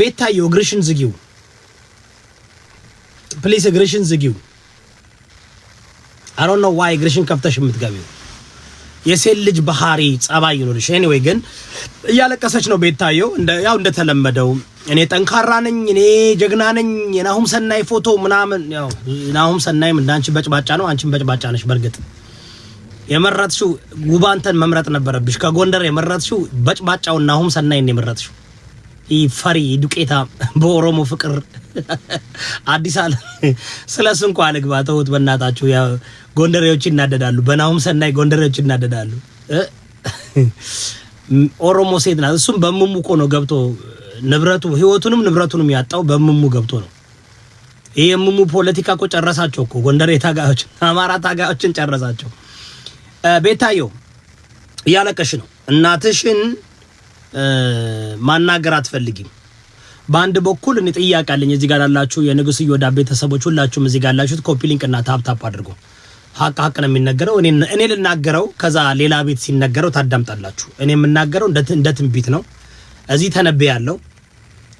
ቤታየው እግርሽን ዝጊው ፕሊስ፣ እግርሽን ዝጊው። አይ ዶንት ኖ ዋይ እግርሽን ከፍተሽ የምትገቢው የሴት ልጅ ባህሪ ጸባይ ይኖርሽ። ኤኒዌይ ግን እያለቀሰች ነው ቤታየው። ያው እንደተለመደው እኔ ጠንካራ ነኝ፣ እኔ ጀግና ነኝ፣ የናሁም ሰናይ ፎቶ ምናምን። ያው ናሁም ሰናይም እንዳንቺ በጭባጫ ነው፣ አንቺም በጭባጫ ነሽ። በእርግጥ የመረጥሽው ጉባንተን መምረጥ ነበረብሽ። ከጎንደር የመረጥሽው በጭባጫውን ናሁም ሰናይን የመረጥሽው ፈሪ ዱቄታ በኦሮሞ ፍቅር አዲስ አለ። ስለ እሱ እንኳ አልግባ፣ ተውት በእናታችሁ። ጎንደሬዎች ይናደዳሉ። በናሁም ሰናይ ጎንደሬዎች ይናደዳሉ። ኦሮሞ ሴት ናት። እሱም በምሙ እኮ ነው ገብቶ ንብረቱ ህይወቱንም ንብረቱንም ያጣው በምሙ ገብቶ ነው። ይህ የምሙ ፖለቲካ እኮ ጨረሳቸው እኮ ጎንደሬ ታጋዮች፣ አማራ ታጋዮችን ጨረሳቸው። ቤታየው እያለቀሽ ነው እናትሽን ማናገር አትፈልጊም። በአንድ በኩል እኔ ጥያቄ አለኝ። እዚህ ጋር ያላችሁ የንጉስ ዮዳ ቤተሰቦች ሁላችሁም እዚህ ጋር ያላችሁት ኮፒ ሊንክ እና ታፕ ታፕ አድርጉ። ሀቅ ሀቅ ነው የሚነገረው። እኔ ልናገረው፣ ከዛ ሌላ ቤት ሲነገረው ታዳምጣላችሁ። እኔ የምናገረው እንደ ትንቢት ነው። እዚህ ተነብያለሁ፣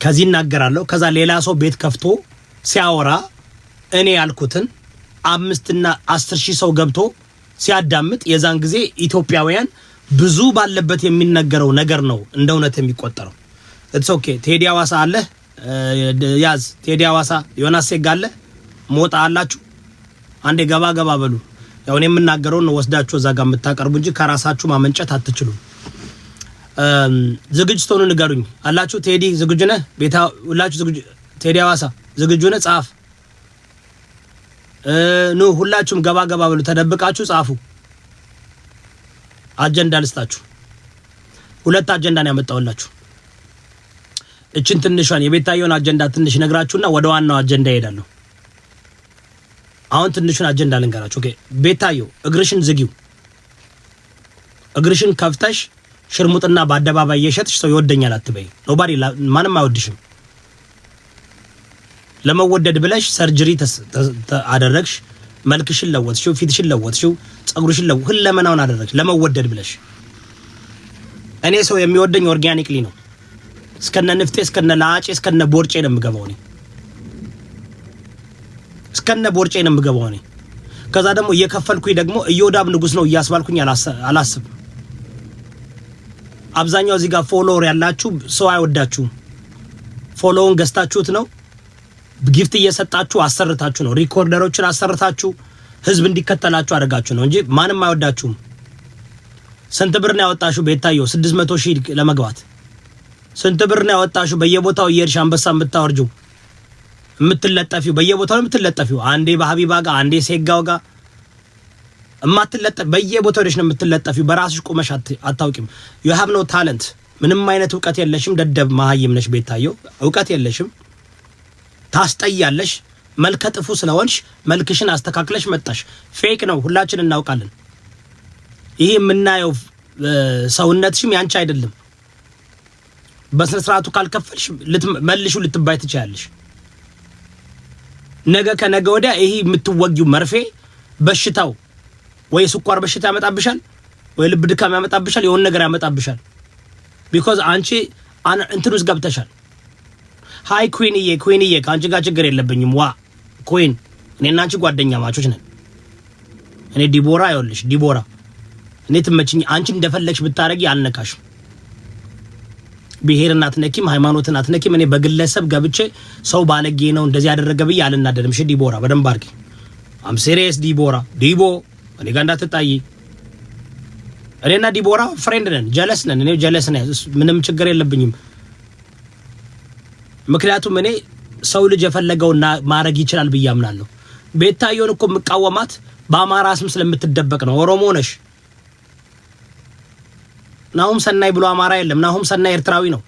ከዚህ እናገራለሁ። ከዛ ሌላ ሰው ቤት ከፍቶ ሲያወራ እኔ ያልኩትን አምስትና አስር ሺህ ሰው ገብቶ ሲያዳምጥ የዛን ጊዜ ኢትዮጵያውያን ብዙ ባለበት የሚነገረው ነገር ነው እንደ እውነት የሚቆጠረው። ኢትስ ኦኬ። ቴዲ አዋሳ አለ ያዝ፣ ቴዲ አዋሳ ዮናስ ሴጋ አለ ሞጣ አላችሁ። አንዴ ገባ ገባ በሉ። ያው እኔ የምናገረው ነው ወስዳችሁ እዛ ጋር የምታቀርቡ እንጂ ከራሳችሁ ማመንጨት አትችሉም። ዝግጅቱን ንገሩኝ አላችሁ። ቴዲ ዝግጁ ነህ? ቤታ ሁላችሁ ዝግጁ ቴዲ አዋሳ ዝግጁ ነህ? ጻፍ ኑ። ሁላችሁም ገባ ገባ በሉ። ተደብቃችሁ ጻፉ። አጀንዳ ልስጣችሁ። ሁለት አጀንዳ ነው ያመጣውላችሁ። እችን ትንሿን የቤታየውን አጀንዳ ትንሽ ነግራችሁና ወደ ዋናው አጀንዳ ይሄዳለሁ። አሁን ትንሹን አጀንዳ ልንገራችሁ። ኦኬ ቤታየው፣ እግርሽን ዝጊው። እግርሽን ከፍተሽ ሽርሙጥና በአደባባይ እየሸጥሽ ሰው ይወደኛል አትበይ። ኖባዲ ማንም አይወድሽም። ለመወደድ ብለሽ ሰርጀሪ አደረግሽ። መልክሽን ለወጥሽው፣ ፊትሽን ለወጥሽው፣ ጸጉርሽን ለው ህለመናውን አደረግሽ ለመወደድ ብለሽ። እኔ ሰው የሚወደኝ ኦርጋኒክሊ ነው። እስከነ ንፍጤ፣ እስከነ ላጬ፣ እስከነ ቦርጬ ነው የምገባው እኔ እስከነ ቦርጬ ነው የምገባው እኔ። ከዛ ደግሞ እየከፈልኩኝ ደግሞ እዮዳብ ንጉስ ነው እያስባልኩኝ አላስብ። አብዛኛው እዚህ ጋር ፎሎወር ያላችሁ ሰው አይወዳችሁም። ፎሎውን ገዝታችሁት ነው ጊፍት እየሰጣችሁ አሰርታችሁ ነው። ሪኮርደሮችን አሰርታችሁ ህዝብ እንዲከተላችሁ አድርጋችሁ ነው እንጂ ማንም አይወዳችሁም። ስንት ብር ነው ያወጣሽው? ቤታየው 600 ሺህ ለመግባት ስንት ብር ነው ያወጣሽው? በየቦታው እየሄድሽ አንበሳ የምታወርጂው የምትለጠፊው፣ በየቦታው የምትለጠፊው፣ አንዴ በሀቢባ ጋር አንዴ ሴጋው ጋር የማትለጠፍ በየቦታው ሄደሽ ነው የምትለጠፊው። በራስሽ ቁመሽ አታውቂም። ዩ ሃቭ ኖ ታለንት። ምንም አይነት እውቀት የለሽም። ደደብ መሀይም ነሽ ቤታየው፣ እውቀት የለሽም። ታስጠያለሽ። መልከ ጥፉ ስለሆንሽ መልክሽን አስተካክለሽ መጣሽ። ፌክ ነው፣ ሁላችን እናውቃለን። ይህ የምናየው ሰውነትሽም ያንቺ አይደለም። በስነ ስርዓቱ ካልከፈልሽ መልሹ ልትባይ ትችላለሽ። ነገ ከነገ ወዲያ ይሄ የምትወጊው መርፌ በሽታው ወይ ስኳር በሽታ ያመጣብሻል፣ ወይ ልብ ድካም ያመጣብሻል፣ የሆን ነገር ያመጣብሻል። ቢኮዝ አንቺ እንትን ውስጥ ገብተሻል። ሀይ ኩንዬ ኩንዬ ከአንቺ ጋር ችግር የለብኝም። ዋ ኩን እኔና አንቺ ጓደኛ ማቾች ነን። እኔ ዲቦራ ይኸውልሽ፣ ዲቦራ እኔ ትመችኝ። አንቺ እንደፈለግሽ ብታረጊ አልነካሽም። ብሔርን አትነኪም፣ ሃይማኖትን አትነኪም። እኔ በግለሰብ ገብቼ ሰው ባለጌ ነው እንደዚህ ያደረገ ብዬ አልናደድም። እሺ ዲቦራ በደንብ አድርጊ። አም ሲሪየስ ዲቦራ። ዲቦ እኔ ጋር እንዳትጣይ። እኔና ዲቦራ ፍሬንድ ነን፣ ጀለስ ነን። እኔ ጀለስ ነኝ፣ ምንም ችግር የለብኝም። ምክንያቱም እኔ ሰው ልጅ የፈለገውን ማድረግ ይችላል ብዬ አምናለሁ። ቤታየውን እኮ የምቃወማት በአማራ ስም ስለምትደበቅ ነው። ኦሮሞ ነሽ። ናሁም ሰናይ ብሎ አማራ የለም። ናሁም ሰናይ ኤርትራዊ ነው።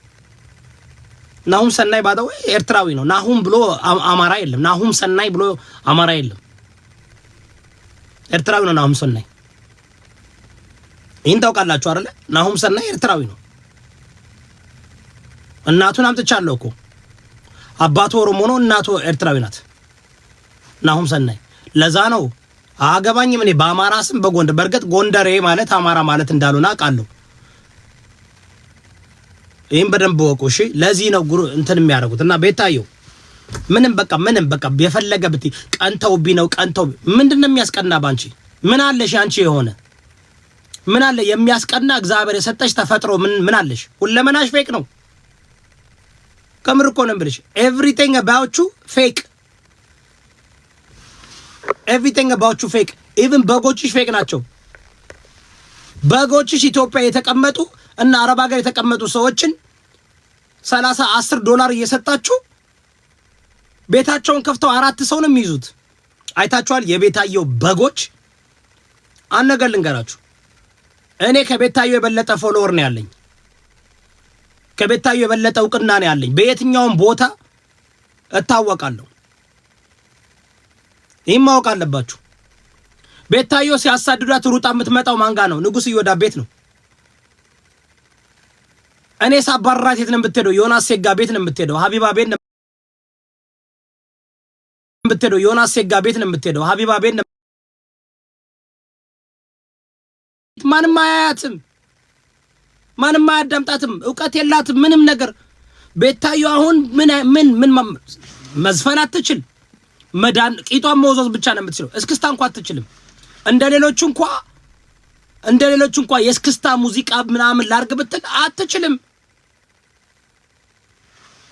ናሁም ሰናይ ባ ኤርትራዊ ነው። ናሁም ብሎ አማራ የለም። ናሁም ሰናይ ብሎ አማራ የለም። ኤርትራዊ ነው ናሁም ሰናይ። ይህን ታውቃላችሁ አይደለ? ናሁም ሰናይ ኤርትራዊ ነው። እናቱን አምጥቻለሁ እኮ አባቱ ኦሮሞ ነው፣ እናቱ ኤርትራዊ ናት። ናሁም ሰናይ ለዛ ነው አገባኝም እኔ በአማራ ስም በጎንደር በእርግጥ ጎንደሬ ማለት አማራ ማለት እንዳልሆነ አውቃለሁ። ይህም በደንብ ወቁ እሺ። ለዚህ ነው ጉሩ እንትን የሚያደርጉት እና ቤታየው ምንም በቃ ምንም በቃ የፈለገ ብት ቀንተው ቢ ነው ቀንተው ምንድን ነው የሚያስቀና ባንቺ ምን አለሽ አንቺ የሆነ ምን አለ የሚያስቀና እግዚአብሔር የሰጠሽ ተፈጥሮ ምን ምን አለሽ ሁለመናሽ ፌክ ነው ከምር እኮ ነው የምልሽ። ኤቭሪቲንግ አባውት ዩ ፌክ፣ ኤቭሪቲንግ አባውት ዩ ፌክ። ኢቭን በጎችሽ ፌክ ናቸው። በጎችሽ ኢትዮጵያ የተቀመጡ እና አረብ ሀገር የተቀመጡ ሰዎችን ሰላሳ አስር ዶላር እየሰጣችሁ ቤታቸውን ከፍተው አራት ሰው ነው የሚይዙት። አይታችኋል። የቤታየው በጎች አንድ ነገር ልንገራችሁ፣ እኔ ከቤታየው የበለጠ ፎሎወር ነው ያለኝ። ከቤታዩ የበለጠ እውቅና ነው ያለኝ። በየትኛውም ቦታ እታወቃለሁ። ይህም ማወቅ አለባችሁ። ቤታዮ ሲያሳድዷት ሩጣ የምትመጣው ማንጋ ነው? ንጉስ እዮዳብ ቤት ነው። እኔ ሳባራት የት ነው የምትሄደው? ዮናስ ሴጋ ቤት ነው የምትሄደው። ሀቢባ ቤት ነው የምትሄደው። ዮናስ ሴጋ ቤት ነው የምትሄደው። ሀቢባ ቤት ነው። ማንም አያያትም። ማንም አያዳምጣትም። እውቀት የላትም። ምንም ነገር ቤታዩ አሁን ምን ምን ምን መዝፈን አትችል። መዳን ቂጧን መወዞዝ ብቻ ነው የምትችለው። እስክስታ እንኳ አትችልም። እንደ ሌሎቹ እንኳ እንደ ሌሎቹ እንኳ የእስክስታ ሙዚቃ ምናምን ላርግ ብትል አትችልም።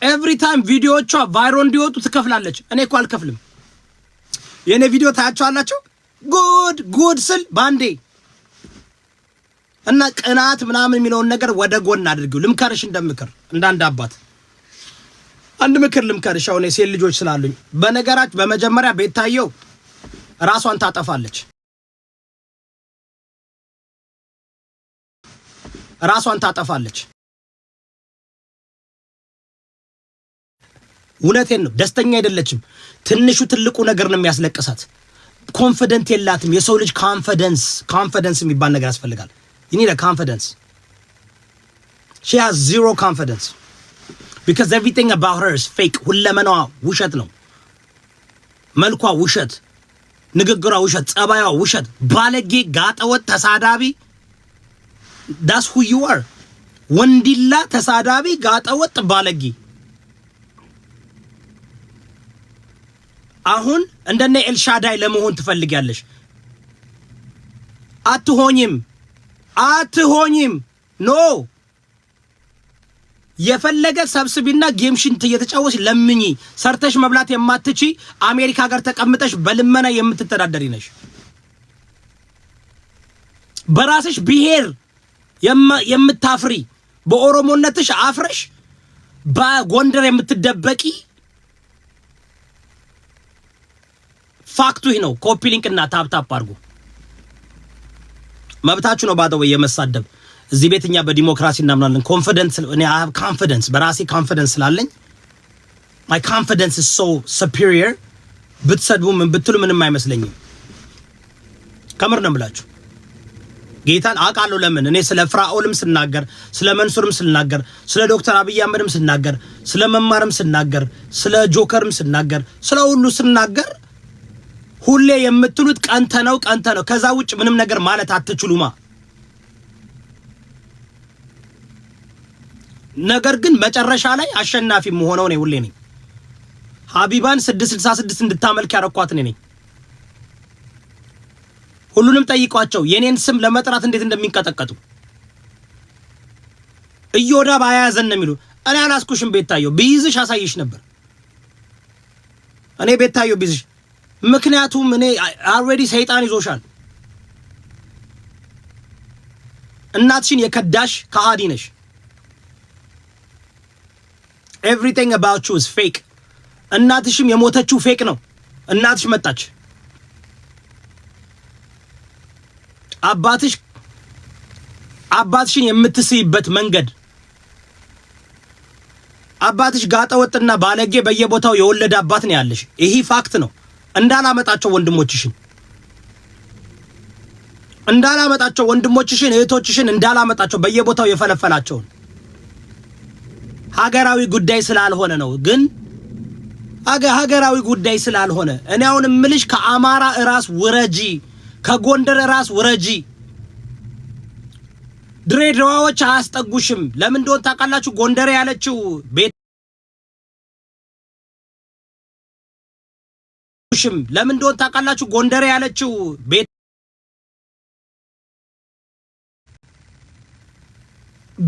ኤቭሪ ታይም ቪዲዮዎቿ ቫይሮ እንዲወጡ ትከፍላለች። እኔ እኮ አልከፍልም። የእኔ ቪዲዮ ታያቸዋላችሁ። ጉድ ጉድ ስል ባንዴ እና ቅናት ምናምን የሚለውን ነገር ወደ ጎን አድርጊው። ልምከርሽ እንደምክር እንዳንድ አባት አንድ ምክር ልምከርሽ። አሁን የሴት ልጆች ስላሉኝ በነገራች በመጀመሪያ ቤታየው ራሷን ታጠፋለች፣ ራሷን ታጠፋለች። እውነቴን ነው። ደስተኛ አይደለችም። ትንሹ ትልቁ ነገር ነው የሚያስለቅሳት። ኮንፊደንት የላትም። የሰው ልጅ ኮንፊደንስ ኮንፊደንስ የሚባል ነገር ያስፈልጋል። you need a confidence. She has zero confidence because everything about her is fake. ሁለመናዋ ውሸት ነው። መልኳ ውሸት፣ ንግግሯ ውሸት፣ ጸባይዋ ውሸት፣ ባለጌ፣ ጋጠወጥ፣ ተሳዳቢ that's who you are ወንዲላ፣ ተሳዳቢ፣ ጋጠወጥ፣ ባለጌ። አሁን እንደነ ኤልሻዳይ ለመሆን ትፈልጊያለሽ፣ አትሆኝም። አትሆኝም። ኖ የፈለገ ሰብስቢና ጌምሽን እየተጫወች ለምኝ። ሰርተሽ መብላት የማትቺ አሜሪካ ሀገር ተቀምጠሽ በልመና የምትተዳደሪ ነሽ። በራስሽ ብሔር የምታፍሪ በኦሮሞነትሽ አፍረሽ በጎንደር የምትደበቂ ፋክቱ ይህ ነው። ኮፒ ሊንክና ታፕታፕ አድርጉ። መብታችሁ ነው ባደው የመሳደብ እዚህ ቤት እኛ በዲሞክራሲ እናምናለን። ኮንፊደንስ እኔ አይ ሃቭ ኮንፊደንስ በራሴ ኮንፊደንስ ስላለኝ ማይ ኮንፊደንስ ኢዝ ሶ ሱፒሪየር። ብትሰድቡ ምን ብትሉ ምንም አይመስለኝም። ከምር ነው የምላችሁ። ጌታን አውቃለሁ። ለምን እኔ ስለ ፍራኦልም ስናገር፣ ስለ መንሱርም ስናገር፣ ስለ ዶክተር አብይ አህመድም ስናገር፣ ስለ መማርም ስናገር፣ ስለ ጆከርም ስናገር፣ ስለ ሁሉ ስናገር ሁሌ የምትሉት ቀንተ ነው ቀንተ ነው። ከዛ ውጭ ምንም ነገር ማለት አትችሉማ። ነገር ግን መጨረሻ ላይ አሸናፊ መሆነው ነው ሁሌ ነኝ። ሀቢባን 666 እንድታመልክ ያረኳት እኔ ነኝ። ሁሉንም ጠይቋቸው የኔን ስም ለመጥራት እንዴት እንደሚንቀጠቀጡ እዮዳብ አያያዘን ነው የሚሉ እኔ አላስኩሽም። ቤታየው ቢይዝሽ አሳይሽ ነበር። እኔ ቤታየው ቢይዝሽ ምክንያቱም እኔ አልሬዲ ሰይጣን ይዞሻል። እናትሽን የከዳሽ ከሃዲ ነሽ። ኤቭሪቲንግ አባውት ዩ ኢዝ ፌክ። እናትሽም የሞተችው ፌክ ነው። እናትሽ መጣች። አባትሽ አባትሽን የምትስይበት መንገድ አባትሽ ጋጠወጥና ባለጌ በየቦታው የወለደ አባት ነው ያለሽ። ይሄ ፋክት ነው። እንዳላመጣቸው ወንድሞችሽን እንዳላመጣቸው ወንድሞችሽን እህቶችሽን እንዳላመጣቸው በየቦታው የፈለፈላቸውን ሀገራዊ ጉዳይ ስላልሆነ ነው። ግን ሀገራዊ ጉዳይ ስላልሆነ እኔ አሁን እምልሽ ከአማራ ራስ ውረጂ፣ ከጎንደር ራስ ውረጂ። ድሬዳዋዎች አያስጠጉሽም። ለምን እንደሆነ ታውቃላችሁ? ጎንደር ያለችው ቤት አላወቅሽም። ለምን እንደሆነ ታውቃላችሁ? ጎንደሬ ያለችው ቤት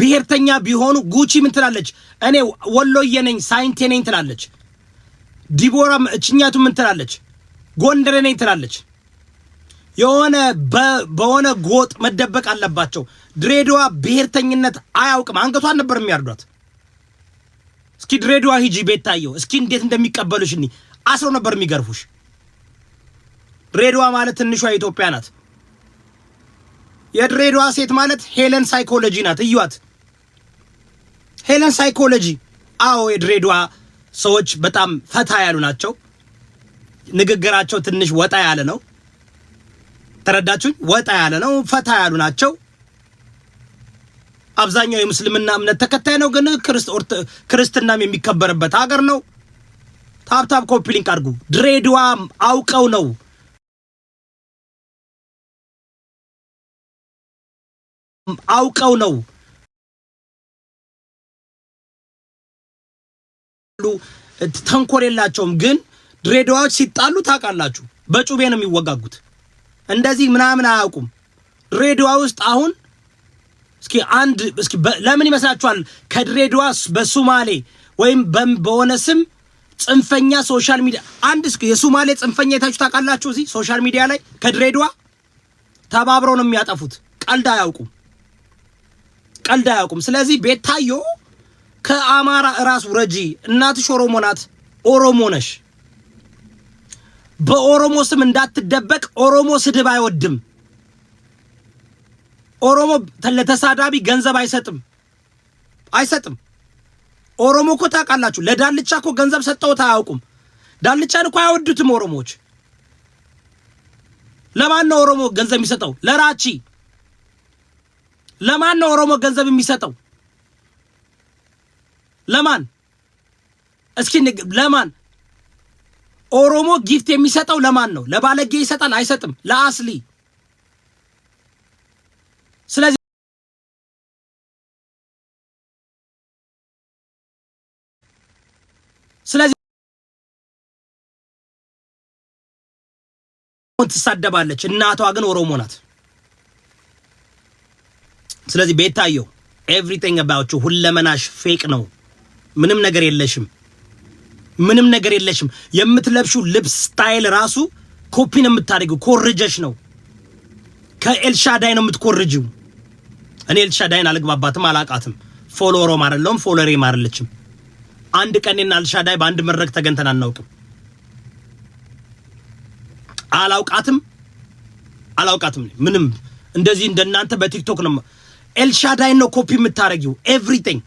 ብሔርተኛ ቢሆኑ ጉቺ ምን ትላለች? እኔ ወሎዬ ነኝ ሳይንቴ ነኝ ትላለች። ዲቦራ እችኛቱ ምን ትላለች? ጎንደሬ ነኝ ትላለች። የሆነ በሆነ ጎጥ መደበቅ አለባቸው። ድሬዳዋ ብሔርተኝነት አያውቅም። አንገቷን ነበር የሚያርዷት። እስኪ ድሬዳዋ ሂጂ ቤታየው፣ እስኪ እንዴት እንደሚቀበሉሽ እኒ አስረው ነበር የሚገርፉሽ። ድሬዳዋ ማለት ትንሿ ኢትዮጵያ ናት። የድሬዳዋ ሴት ማለት ሄለን ሳይኮሎጂ ናት። እዩዋት፣ ሄለን ሳይኮሎጂ። አዎ የድሬዳዋ ሰዎች በጣም ፈታ ያሉ ናቸው። ንግግራቸው ትንሽ ወጣ ያለ ነው። ተረዳችሁኝ? ወጣ ያለ ነው። ፈታ ያሉ ናቸው። አብዛኛው የሙስልምና እምነት ተከታይ ነው፣ ግን ክርስትናም የሚከበርበት ሀገር ነው። ታብታብ ኮፒ ሊንክ አድርጉ። ድሬድዋ አውቀው ነው አውቀው ነው ተንኮል የላቸውም። ግን ድሬዳዋዎች ሲጣሉ ታውቃላችሁ፣ በጩቤ ነው የሚወጋጉት። እንደዚህ ምናምን አያውቁም። ድሬዳዋ ውስጥ አሁን እስኪ አንድ እስኪ ለምን ይመስላችኋል ከድሬዳዋ በሱማሌ ወይም በሆነ ስም ጽንፈኛ ሶሻል ሚዲያ አንድ እስኪ የሱማሌ ጽንፈኛ የታችሁ ታውቃላችሁ? እዚህ ሶሻል ሚዲያ ላይ ከድሬዳዋ ተባብረው ነው የሚያጠፉት። ቀልድ አያውቁም። ቀልድ አያውቁም። ስለዚህ ቤታዮ ከአማራ ራስ ረጂ፣ እናትሽ ኦሮሞ ናት፣ ኦሮሞ ነሽ። በኦሮሞ ስም እንዳትደበቅ። ኦሮሞ ስድብ አይወድም። ኦሮሞ ለተሳዳቢ ገንዘብ አይሰጥም አይሰጥም። ኦሮሞ እኮ ታውቃላችሁ፣ ለዳልቻ እኮ ገንዘብ ሰጠውት አያውቁም። ዳልቻን እኮ አይወዱትም ኦሮሞዎች። ለማን ነው ኦሮሞ ገንዘብ የሚሰጠው? ለራቺ ለማን ነው ኦሮሞ ገንዘብ የሚሰጠው? ለማን እስኪ ለማን ኦሮሞ ጊፍት የሚሰጠው ለማን ነው? ለባለጌ ይሰጣል? አይሰጥም። ለአስሊ። ስለዚህ ስለዚህ ትሳደባለች። እናቷ ግን ኦሮሞ ናት። ስለዚህ ቤታየው ኤቭሪቲንግ አባውት ዩ ሁለመናሽ ፌቅ ነው። ምንም ነገር የለሽም፣ ምንም ነገር የለሽም። የምትለብሹ ልብስ ስታይል ራሱ ነው የምታደርጊው ኮርጀሽ ነው። ከኤልሻዳይ ነው የምትኮርጅው። እኔ ኤልሻዳይን አልግባባትም፣ አላቃትም። ፎሎወሮም አይደለሁም፣ ፎሎሬም አይደለችም። አንድ ቀኔና ኤልሻዳይ በአንድ መድረክ ተገንተን አናውቅም። አላውቃትም፣ አላውቃትም። ምንም እንደዚህ እንደናንተ በቲክቶክ ነው ኤልሻዳይን ነው ኮፒ የምታደርጊው ኤቭሪቲንግ።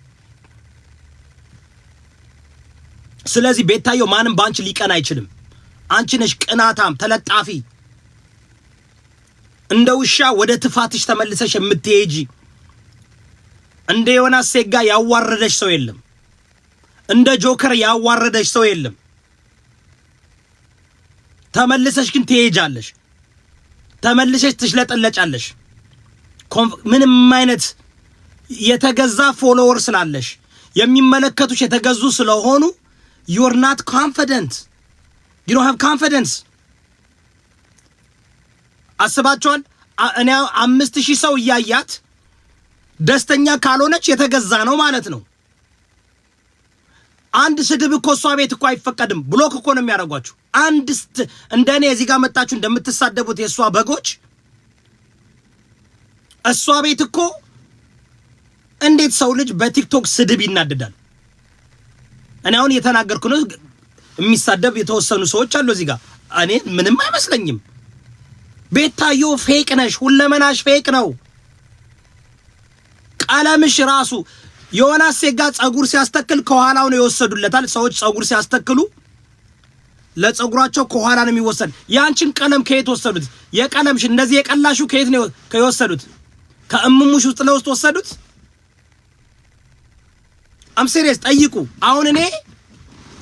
ስለዚህ ቤታየው ማንም በአንቺ ሊቀን አይችልም። አንቺ ነሽ ቅናታም፣ ተለጣፊ፣ እንደ ውሻ ወደ ትፋትሽ ተመልሰሽ የምትሄጂ እንደ ዮናስ ሴጋ ያዋረደሽ ሰው የለም። እንደ ጆከር ያዋረደሽ ሰው የለም። ተመልሰሽ ግን ትሄጃለሽ። ተመልሰሽ ትሽለጠለጫለሽ። ምንም አይነት የተገዛ ፎሎወር ስላለሽ የሚመለከቱሽ የተገዙ ስለሆኑ ዩር ናት ኮንፊደንት ዩ ዶንት ሃቭ ኮንፊደንስ። አስባችኋል? እኔ አምስት ሺህ ሰው እያያት ደስተኛ ካልሆነች የተገዛ ነው ማለት ነው። አንድ ስድብ እኮ እሷ ቤት እኮ አይፈቀድም። ብሎክ እኮ ነው የሚያደርጓችሁ። አንድ እንደ እኔ እዚህ ጋር መጣችሁ እንደምትሳደቡት የእሷ በጎች እሷ ቤት እኮ እንዴት ሰው ልጅ በቲክቶክ ስድብ ይናደዳል? እኔ አሁን የተናገርኩ ነው። የሚሳደብ የተወሰኑ ሰዎች አሉ እዚህ ጋር። እኔ ምንም አይመስለኝም። ቤታዮ ፌቅ ነሽ፣ ሁለመናሽ ፌቅ ነው። ቀለምሽ ራሱ የሆነ ሴጋ ጸጉር ሲያስተክል ከኋላው ነው የወሰዱለታል። ሰዎች ጸጉር ሲያስተክሉ ለጸጉራቸው ከኋላ ነው የሚወሰድ። ያንቺን ቀለም ከየት ወሰዱት? የቀለምሽ እንደዚህ የቀላሹ ከየት ነው የወሰዱት? ከእምሙሽ ውስጥ ለውስጥ ወሰዱት። አም ሲሪየስ ጠይቁ። አሁን እኔ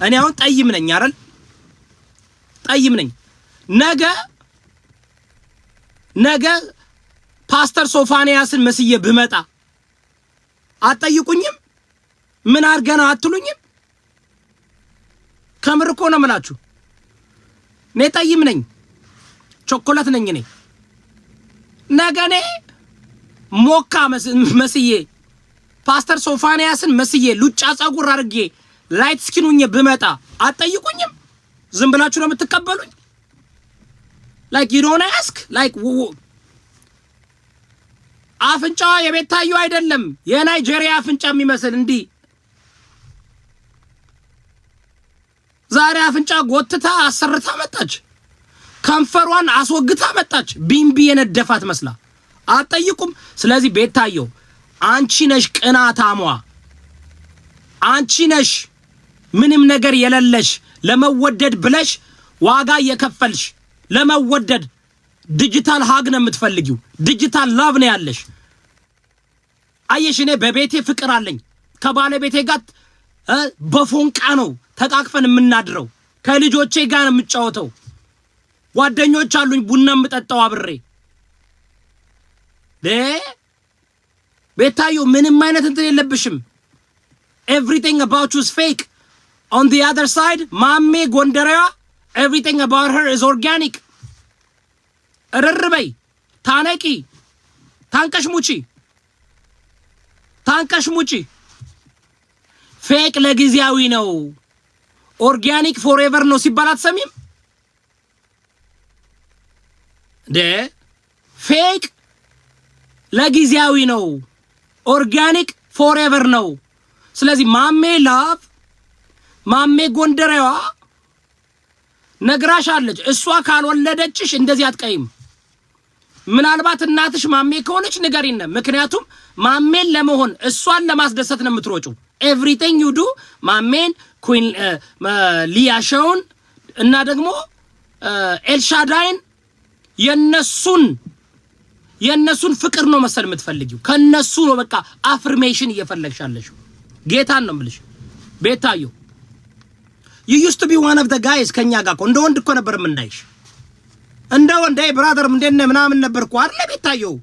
እኔ አሁን ጠይም ነኝ አይደል? ጠይም ነኝ። ነገ ነገ ፓስተር ሶፋንያስን መስዬ ብመጣ አትጠይቁኝም? ምን አድርገና አትሉኝም? ከምር እኮ ነው ምላችሁ እኔ ጠይም ነኝ፣ ቾኮላት ነኝ። እኔ ነገ እኔ ሞካ መስዬ ፓስተር ሶፋንያስን መስዬ ሉጫ ጸጉር አድርጌ ላይት ስኪን ሁኜ ብመጣ አትጠይቁኝም? ዝም ብላችሁ ነው የምትቀበሉኝ? ላይክ ዩ ዶንት አስክ ላይክ አፍንጫዋ የቤታዩ አይደለም የናይጄሪያ አፍንጫ የሚመስል እንዲህ ዛሬ አፍንጫ ጎትታ አሰርታ መጣች። ከንፈሯን አስወግታ መጣች። ቢምቢ የነደፋት መስላ አትጠይቁም። ስለዚህ ቤታየው አንቺ ነሽ ቅናታሟ፣ አንቺ ነሽ ምንም ነገር የለለሽ ለመወደድ ብለሽ ዋጋ የከፈልሽ ለመወደድ ዲጂታል ሀግ ነው የምትፈልጊው። ዲጂታል ላቭ ነው ያለሽ። አየሽ፣ እኔ በቤቴ ፍቅር አለኝ። ከባለቤቴ ጋር በፎንቃ ነው ተቃቅፈን የምናድረው። ከልጆቼ ጋር ነው የምጫወተው። ጓደኞች አሉኝ፣ ቡና የምጠጣው አብሬ ቤታዮ ምንም አይነት እንትን የለብሽም። ኤቭሪቲንግ አባውት ዩስ ፌክ ኦን ዲ አዘር ሳይድ ማሜ ጎንደሪያ ኤቭሪቲንግ አባውት ሄር ኢዝ ኦርጋኒክ። እርርበይ ታነቂ፣ ታንቀሽ ሙቺ፣ ታንቀሽ ሙቺ። ፌቅ ለጊዜያዊ ነው፣ ኦርጋኒክ ፎርኤቨር ነው ሲባል አትሰሚም እንዴ? ለጊዜያዊ ነው። ኦርጋኒክ ፎርኤቨር ነው። ስለዚህ ማሜ ላቭ ማሜ ጎንደሬዋ ነግራሻለች። እሷ ካልወለደችሽ እንደዚህ አትቀይም። ምናልባት እናትሽ ማሜ ከሆነች ንገሪን። ምክንያቱም ማሜን ለመሆን እሷን ለማስደሰት ነው የምትሮጩ። ኤቭሪቲንግ ዩ ዱ ማሜን ኩን ሊያሸውን እና ደግሞ ኤልሻዳይን የነሱን የእነሱን ፍቅር ነው መሰል የምትፈልጊው። ከነሱ ነው በቃ አፍርሜሽን እየፈለግሻለሽ። ጌታን ነው ምልሽ ቤታዮ ዩ ቢ ዋን ኦፍ ዘ ጋይስ ከኛ ጋር እኮ እንደ ወንድ እኮ ነበር የምናይሽ። እንደ ወንድ አይ ብራዘር እንዴት ነህ ምናምን ነበር እኮ አይደል? ቤታየው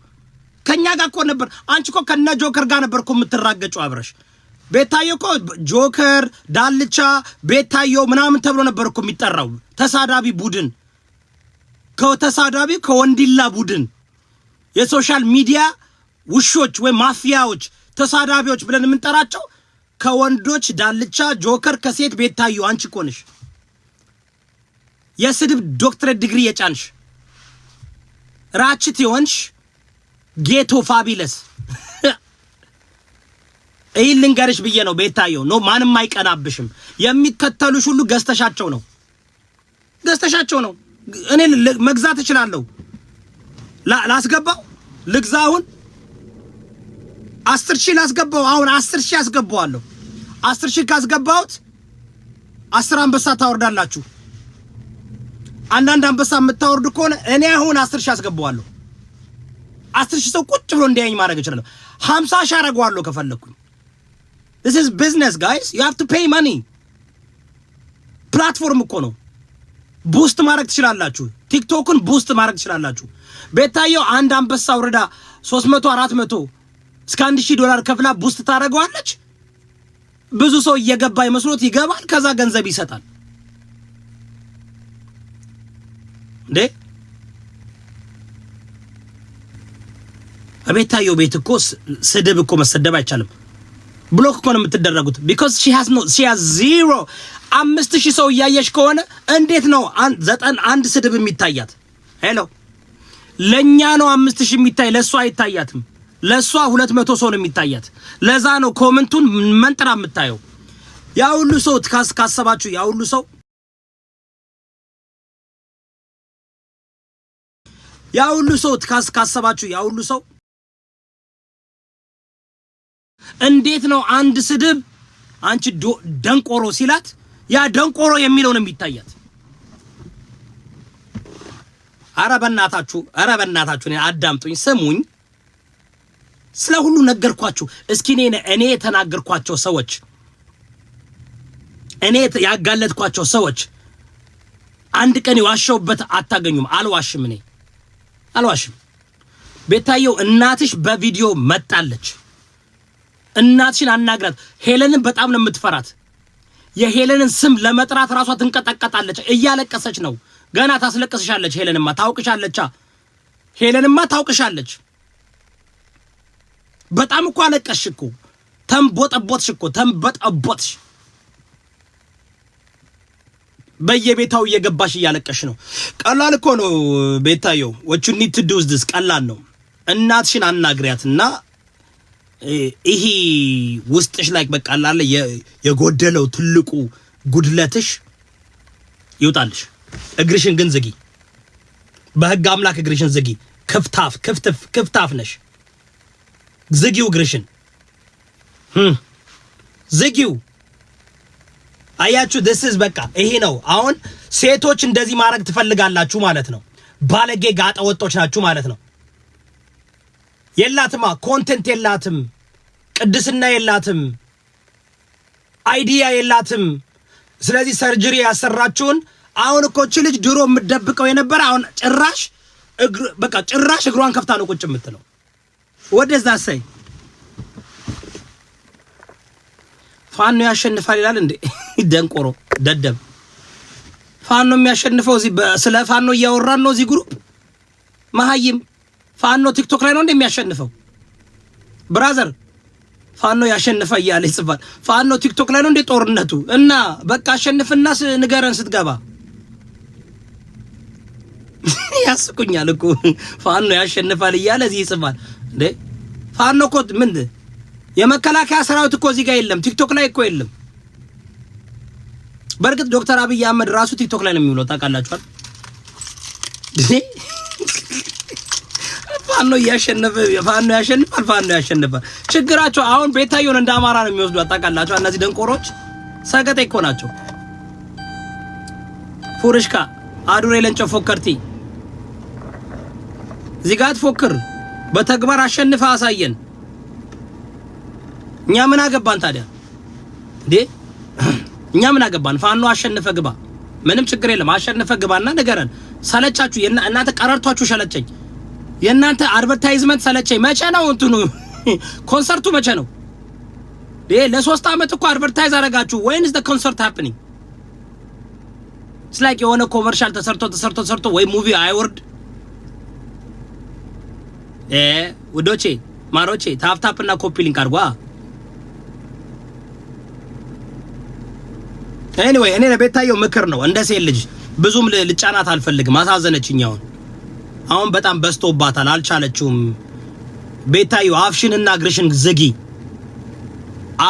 ከኛ ጋር እኮ ነበር። አንቺ እኮ ከነ ጆከር ጋር ነበር እኮ የምትራገጩ አብረሽ። ቤታዮ እኮ ጆከር፣ ዳልቻ፣ ቤታየው ምናምን ተብሎ ነበር እኮ የሚጠራው ተሳዳቢ ቡድን ከተሳዳቢ ከወንዲላ ቡድን የሶሻል ሚዲያ ውሾች ወይም ማፊያዎች፣ ተሳዳቢዎች ብለን የምንጠራቸው ከወንዶች ዳልቻ ጆከር፣ ከሴት ታዩ አንቺ እኮ ነሽ የስድብ ዶክትሬት ዲግሪ የጫንሽ ራችት የሆንሽ ጌቶ ፋቢለስ ይህ ልንገርሽ ብዬ ነው። ቤታየው ኖ ማንም አይቀናብሽም። የሚከተሉሽ ሁሉ ገዝተሻቸው ነው ገዝተሻቸው ነው። እኔ መግዛት እችላለሁ ላስገባው ልግዛ አሁን አስር ሺህ ላስገባው አሁን አስር ሺህ አስገባዋለሁ። አስር ሺህ ካስገባሁት አስር አንበሳ ታወርዳላችሁ። አንዳንድ አንበሳ የምታወርዱ ከሆነ እኔ አሁን አስር ሺህ አስገባዋለሁ። አስር ሺህ ሰው ቁጭ ብሎ እንዲያኝ ማድረግ እችላለሁ። ሀምሳ ሺህ አደርገዋለሁ ከፈለግኩኝ። ዚስ ኢዝ ቢዝነስ ጋይስ ዩ ሃቭ ፔይ ማኒ። ፕላትፎርም እኮ ነው። ቡስት ማድረግ ትችላላችሁ። ቲክቶክን ቡስት ማድረግ ትችላላችሁ። ቤታየው አንድ አንበሳ ወረዳ 300 400 እስከ 1000 ዶላር ከፍላ ቡስት ታደርገዋለች። ብዙ ሰው እየገባ ይመስሎት ይገባል። ከዛ ገንዘብ ይሰጣል። እንዴ ቤታየው ቤት እኮ ስድብ እኮ መሰደብ አይቻልም። ብሎክ እኮ ነው የምትደረጉት። ቢኮዝ ሺ ሃዝ ኖ ሺ ሃዝ ዚሮ። አምስት ሺህ ሰው እያየሽ ከሆነ እንዴት ነው ዘጠን አንድ ስድብ የሚታያት? ሄሎ ለእኛ ነው አምስት ሺህ የሚታይ ለእሷ አይታያትም። ለእሷ ሁለት መቶ ሰው ነው የሚታያት። ለዛ ነው ኮመንቱን መንጥራ የምታየው። ያ ሁሉ ሰው ትካስ ካሰባችሁ ያ ሁሉ ሰው ያ ሁሉ ሰው ትካስ ካሰባችሁ ያ ሁሉ ሰው እንዴት ነው አንድ ስድብ አንቺ ደንቆሮ ሲላት ያ ደንቆሮ የሚለው ነው የሚታያት። አረ በእናታችሁ አረ በእናታችሁ አዳምጡኝ፣ ስሙኝ። ስለ ሁሉ ነገርኳችሁ። እስኪ እኔ እኔ የተናገርኳቸው ሰዎች እኔ ያጋለጥኳቸው ሰዎች አንድ ቀን የዋሸውበት አታገኙም። አልዋሽም፣ እኔ አልዋሽም። ቤታየው እናትሽ በቪዲዮ መጣለች። እናትሽን አናግራት። ሄለንን በጣም ነው የምትፈራት። የሄለንን ስም ለመጥራት ራሷ ትንቀጠቀጣለች። እያለቀሰች ነው ገና ታስለቅስሻለች። ሄለንማ ታውቅሻለቻ። ሄለንማ ታውቅሻለች። በጣም እኮ አለቀስሽ እኮ ተንቦጠቦጥሽ እኮ ተንበጠቦጥሽ። በየቤታው እየገባሽ እያለቀሽ ነው። ቀላል እኮ ነው ቤታየው። ወቹ ኒድ ቱ ዱስ ዲስ ቀላል ነው። እናትሽን አናግሪያትና ይሄ ውስጥሽ ላይ በቃ አለ የጎደለው ትልቁ ጉድለትሽ ይውጣልሽ። እግርሽን ግን ዝጊ። በህግ አምላክ እግርሽን ዝጊ። ክፍታፍ ክፍትፍ ክፍታፍ ነሽ። ዝጊው እግርሽን ዝጊው። አያችሁ this is በቃ ይሄ ነው። አሁን ሴቶች እንደዚህ ማድረግ ትፈልጋላችሁ ማለት ነው። ባለጌ ጋጠ ወጦች ናችሁ ማለት ነው። የላትማ ኮንቴንት የላትም፣ ቅድስና የላትም፣ አይዲያ የላትም። ስለዚህ ሰርጀሪ ያሰራችሁን አሁን እኮ እቺ ልጅ ድሮ የምደብቀው የነበረ አሁን ጭራሽ በቃ ጭራሽ እግሯን ከፍታ ነው ቁጭ የምትለው። ወደዛ ሳይ ፋኖ ያሸንፋል ይላል እንዴ! ደንቆሮ ደደብ። ፋኖ የሚያሸንፈው እዚህ ስለ ፋኖ እያወራን ነው። እዚህ ግሩፕ መሀይም ፋኖ ቲክቶክ ላይ ነው የሚያሸንፈው ብራዘር ፋኖ ያሸንፈ እያለ ይጽፋል። ፋኖ ቲክቶክ ላይ ነው እንደ ጦርነቱ እና በቃ አሸንፍና ንገረን ስትገባ ያስቁኛል እኮ ፋኖ ያሸንፋል እያለ እዚህ ይጽፋል እንዴ? ፋኖ እኮ ምን የመከላከያ ሰራዊት እኮ እዚህ ጋር የለም፣ ቲክቶክ ላይ እኮ የለም። በእርግጥ ዶክተር አብይ አህመድ ራሱ ቲክቶክ ላይ ነው የሚውለው፣ ታውቃላችኋል። ፋኖ እያሸነፈ ፋኖ ያሸንፋል፣ ፋኖ ያሸንፋል። ችግራቸው አሁን ቤታየውን እንደ አማራ ነው የሚወስዱ፣ ታውቃላችኋል። እነዚህ ደንቆሮች ሰገጤ እኮ ናቸው። ፉርሽካ አዱሬ ለንጮ ፎከርቲ እዚህ ጋር አትፎክር፣ በተግባር አሸንፈ አሳየን። እኛ ምን አገባን ታዲያ እንዴ? እኛ ምን አገባን? ፋኖ አሸንፈ ግባ፣ ምንም ችግር የለም። አሸንፈ ግባና ንገረን። ሰለቻችሁ፣ እናንተ ቀረርቷችሁ ሸለቸኝ የእናንተ አድቨርታይዝመንት ሰለቸኝ። መቼ ነው እንትኑ ኮንሰርቱ መቼ ነው? ለሶስት ዓመት እኮ አድቨርታይዝ አደረጋችሁ። ወይን ኢዝ ዘ ኮንሰርት ሃፕኒንግ? ስላይክ የሆነ ኮመርሻል ተሰርቶ ተሰርቶ ተሰርቶ ወይ ሙቪ አይወርድ ውዶቼ ማሮቼ ታፕታፕ እና ኮፒ ሊንክ አድርጓ። ኤኒዌይ እኔ ለቤታየው ምክር ነው እንደ ሴት ልጅ ብዙም ልጫናት አልፈልግም። አሳዘነችኝ። አሁን አሁን በጣም በዝቶባታል፣ አልቻለችውም። ቤታየው አፍሽንና እግርሽን ዝጊ።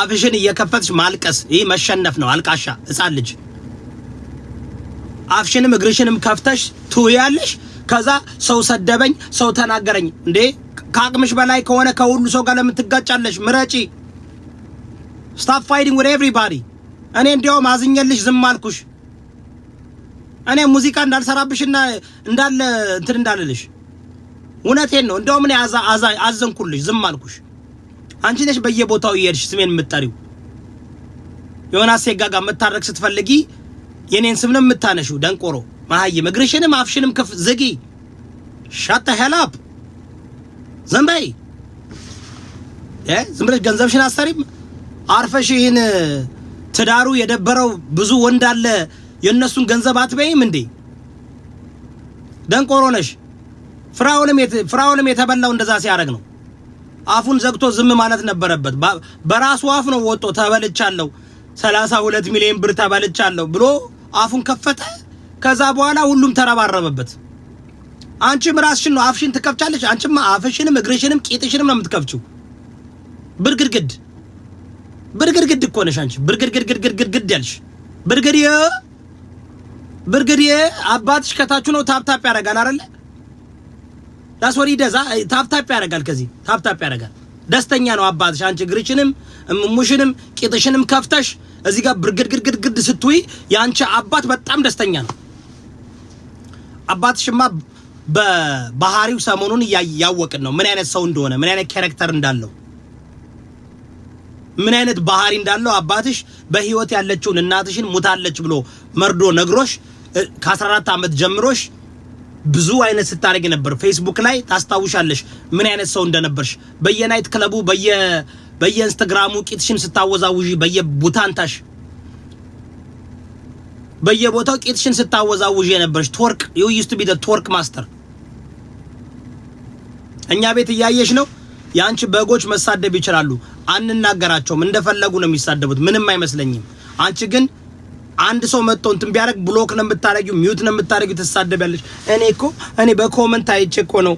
አፍሽን እየከፈትሽ ማልቀስ ይህ መሸነፍ ነው። አልቃሻ ህፃን ልጅ አፍሽንም እግርሽንም ከፍተሽ ትውያለሽ። ከዛ ሰው ሰደበኝ፣ ሰው ተናገረኝ። እንዴ ከአቅምሽ በላይ ከሆነ ከሁሉ ሰው ጋር ለምትጋጫለሽ ምረጪ። ስታፕ ፋይቲንግ ወደ ኤቭሪባዲ። እኔ እንዲያውም አዝኜልሽ ዝም አልኩሽ። እኔ ሙዚቃ እንዳልሰራብሽና እንዳለ እንትን እንዳልልሽ እውነቴን ነው። እንደውም እኔ አዘንኩልሽ፣ ዝም አልኩሽ። አንቺ ነሽ በየቦታው እየሄድሽ ስሜን የምትጠሪው የሆነ አሴጋ ጋር መታረቅ ስትፈልጊ የኔን ስም ነው የምታነሺው ደንቆሮ። መሃይም እግርሽንም አፍሽንም ክፍ ዝጊ። ሻተ ዘ ሄል ዝም ብለሽ ገንዘብሽን አሰሪም አርፈሽ ይህን ትዳሩ የደበረው ብዙ ወንድ አለ የእነሱን ገንዘብ አትበይም እንዴ? ደንቆሮ ነሽ። ፍራውንም የተበላው እንደዛ ሲያደርግ ነው። አፉን ዘግቶ ዝም ማለት ነበረበት። በራሱ አፍ ነው ወጦ ተበልቻለሁ፣ 32 ሚሊዮን ብር ተበልቻለሁ ብሎ አፉን ከፈተ። ከዛ በኋላ ሁሉም ተረባረበበት። አንቺም ራስሽን ነው አፍሽን ትከፍቻለሽ። አንቺም አፍሽንም እግርሽንም ቂጥሽንም ነው የምትከፍችው። ብርግርግድ ብርግርግድ እኮ ነሽ አንቺ ብርግድግድግድግድግድ ያልሽ ብርግድ ብርግድ አባትሽ ከታች ነው ታፕታፕ ያደርጋል አይደለ? ዳስ ወሪ ደዛ ታፕታፕ ያደርጋል። ከዚህ ታፕታፕ ያደርጋል። ደስተኛ ነው አባትሽ። አንቺ እግርሽንም እምሙሽንም ቂጥሽንም ከፍተሽ እዚህ ጋር ብርግድግድግድግድ ስትይ የአንቺ አባት በጣም ደስተኛ ነው። አባትሽማ በባህሪው ሰሞኑን እያወቅን ነው ምን አይነት ሰው እንደሆነ ምን አይነት ካራክተር እንዳለው ምን አይነት ባህሪ እንዳለው አባትሽ በህይወት ያለችውን እናትሽን ሙታለች ብሎ መርዶ ነግሮሽ ከ14 ዓመት ጀምሮሽ ብዙ አይነት ስታደርግ ነበር። ፌስቡክ ላይ ታስታውሻለሽ ምን አይነት ሰው እንደነበርሽ በየናይት ክለቡ በየ በየኢንስታግራሙ ቂትሽን ስታወዛውዢ በየቡታንታሽ በየቦታው ቂጥሽን ስታወዛውዥ የነበረች ቶርክ ዩስቱ ቢ ቶርክ ማስተር እኛ ቤት እያየሽ ነው። የአንቺ በጎች መሳደብ ይችላሉ፣ አንናገራቸውም። እንደፈለጉ ነው የሚሳደቡት፣ ምንም አይመስለኝም። አንቺ ግን አንድ ሰው መጥቶ እንትን ቢያደርግ ብሎክ ነው የምታረጊው፣ ሚዩት ነው የምታረጊው፣ ትሳደቢያለሽ። እኔ እኮ እኔ በኮመንት አይቼ እኮ ነው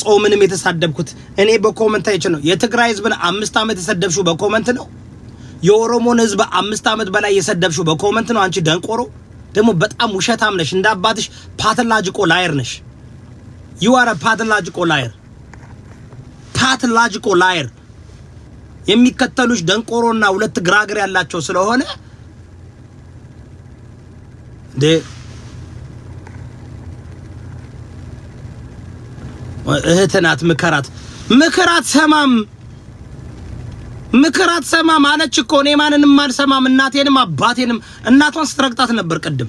ጾምንም የተሳደብኩት። እኔ በኮመንት አይቼ ነው የትግራይ ህዝብን አምስት ዓመት የሰደብሽው በኮመንት ነው። የኦሮሞን ህዝብ አምስት ዓመት በላይ የሰደብሽው በኮመንት ነው። አንቺ ደንቆሮ ደግሞ በጣም ውሸታም ነሽ። እንደ አባትሽ ፓቶሎጂኮ ላየር ነሽ። ዩ አር ፓቶሎጂኮ ላየር፣ ፓቶሎጂኮ ላየር። የሚከተሉሽ ደንቆሮና ሁለት ግራግር ያላቸው ስለሆነ እንዴ እህትናት ምከራት ምከራት ሰማም ምክር አትሰማም አለች እኮ። እኔ ማንንም አልሰማም፣ እናቴንም አባቴንም። እናቷን ስትረግጣት ነበር ቅድም።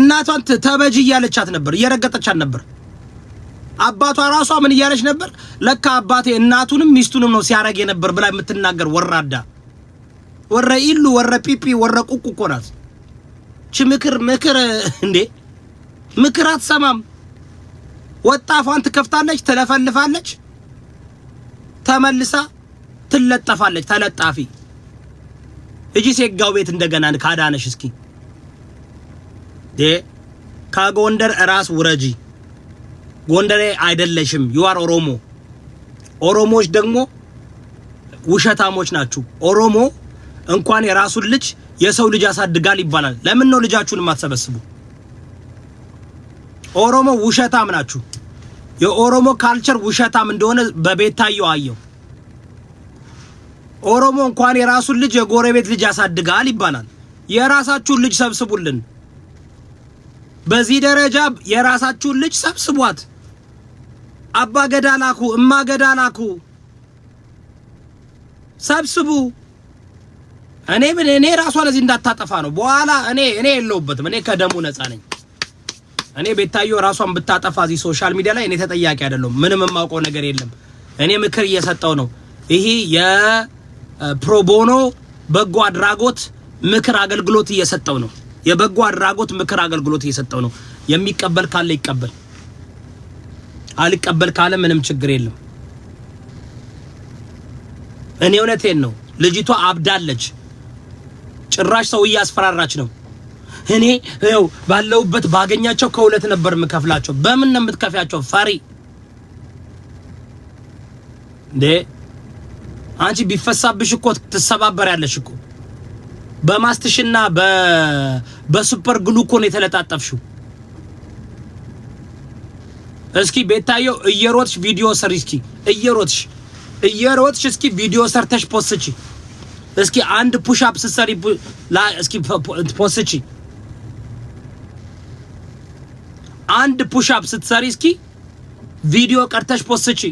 እናቷን ተበጅ እያለቻት ነበር፣ እየረገጠቻት ነበር። አባቷ ራሷ ምን እያለች ነበር? ለካ አባቴ እናቱንም ሚስቱንም ነው ሲያረግ የነበር ብላ የምትናገር ወራዳ፣ ወረ ኢሉ፣ ወረ ፒፒ፣ ወረ ቁቁ እኮ ናት። ቺ ምክር ምክር እንዴ ምክር አትሰማም። ወጣፏን ትከፍታለች፣ ትለፈልፋለች ተመልሳ ትለጠፋለች። ተለጣፊ እጂ ሴጋው ቤት እንደገና ካዳነሽ እስኪ ከጎንደር ራስ ውረጂ። ጎንደሬ አይደለሽም። ዩአር ኦሮሞ። ኦሮሞዎች ደግሞ ውሸታሞች ናችሁ። ኦሮሞ እንኳን የራሱን ልጅ የሰው ልጅ ያሳድጋል ይባላል። ለምን ነው ልጃችሁን የማትሰበስቡ? ኦሮሞ ውሸታም ናችሁ። የኦሮሞ ካልቸር ውሸታም እንደሆነ በቤታየው አየው። ኦሮሞ እንኳን የራሱን ልጅ የጎረቤት ልጅ ያሳድጋል ይባላል። የራሳችሁን ልጅ ሰብስቡልን። በዚህ ደረጃ የራሳችሁን ልጅ ሰብስቧት። አባ ገዳ ላኩ፣ እማ ገዳ ላኩ፣ ሰብስቡ። እኔ ምን እኔ ራሷን እዚህ እንዳታጠፋ ነው። በኋላ እኔ እኔ የለውበትም እኔ ከደሙ ነፃ ነኝ። እኔ ቤታየው ራሷን ብታጠፋ እዚህ ሶሻል ሚዲያ ላይ እኔ ተጠያቂ አይደለሁም። ምንም የማውቀው ነገር የለም። እኔ ምክር እየሰጠው ነው። ይሄ የ ፕሮቦኖ በጎ አድራጎት ምክር አገልግሎት እየሰጠው ነው። የበጎ አድራጎት ምክር አገልግሎት እየሰጠው ነው። የሚቀበል ካለ ይቀበል፣ አልቀበል ካለ ምንም ችግር የለም። እኔ እውነቴን ነው። ልጅቷ አብዳለች። ጭራሽ ሰው እያስፈራራች ነው። እኔ ይኸው ባለውበት ባገኛቸው ከሁለት ነበር የምከፍላቸው። በምን ነው የምትከፍያቸው? ፈሪ እንዴ አንቺ ቢፈሳብሽ እኮ ትሰባበር ያለሽ እኮ በማስትሽና በሱፐር ግሉኮን የተለጣጠፍሽው። እስኪ ቤታየው እየሮጥሽ ቪዲዮ ሰሪ። እስኪ እየሮጥሽ እየሮጥሽ እስኪ ቪዲዮ ሰርተሽ ፖስቺ። እስኪ አንድ ፑሽ አፕ ስትሰሪ እስኪ ፖስቺ። አንድ ፑሽ አፕ ስትሰሪ እስኪ ቪዲዮ ቀርተሽ ፖስቺ።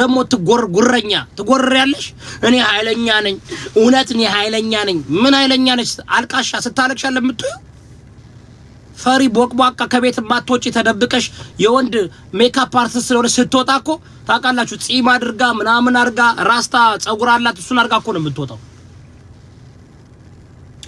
ደግሞ ትጎር ጉረኛ ትጎር ያለሽ እኔ ኃይለኛ ነኝ። እውነት እኔ ኃይለኛ ነኝ። ምን ኃይለኛ ነች? አልቃሻ ስታለቅሻ ለምትዩ ፈሪ ቦቅቧቃ ከቤት ማትወጪ ተደብቀሽ የወንድ ሜካፕ አርቲስት ስለሆነ ስትወጣ እኮ ታውቃላችሁ፣ ጺም አድርጋ ምናምን አድርጋ ራስታ ጸጉር አላት እሱን አድርጋ እኮ ነው የምትወጣው።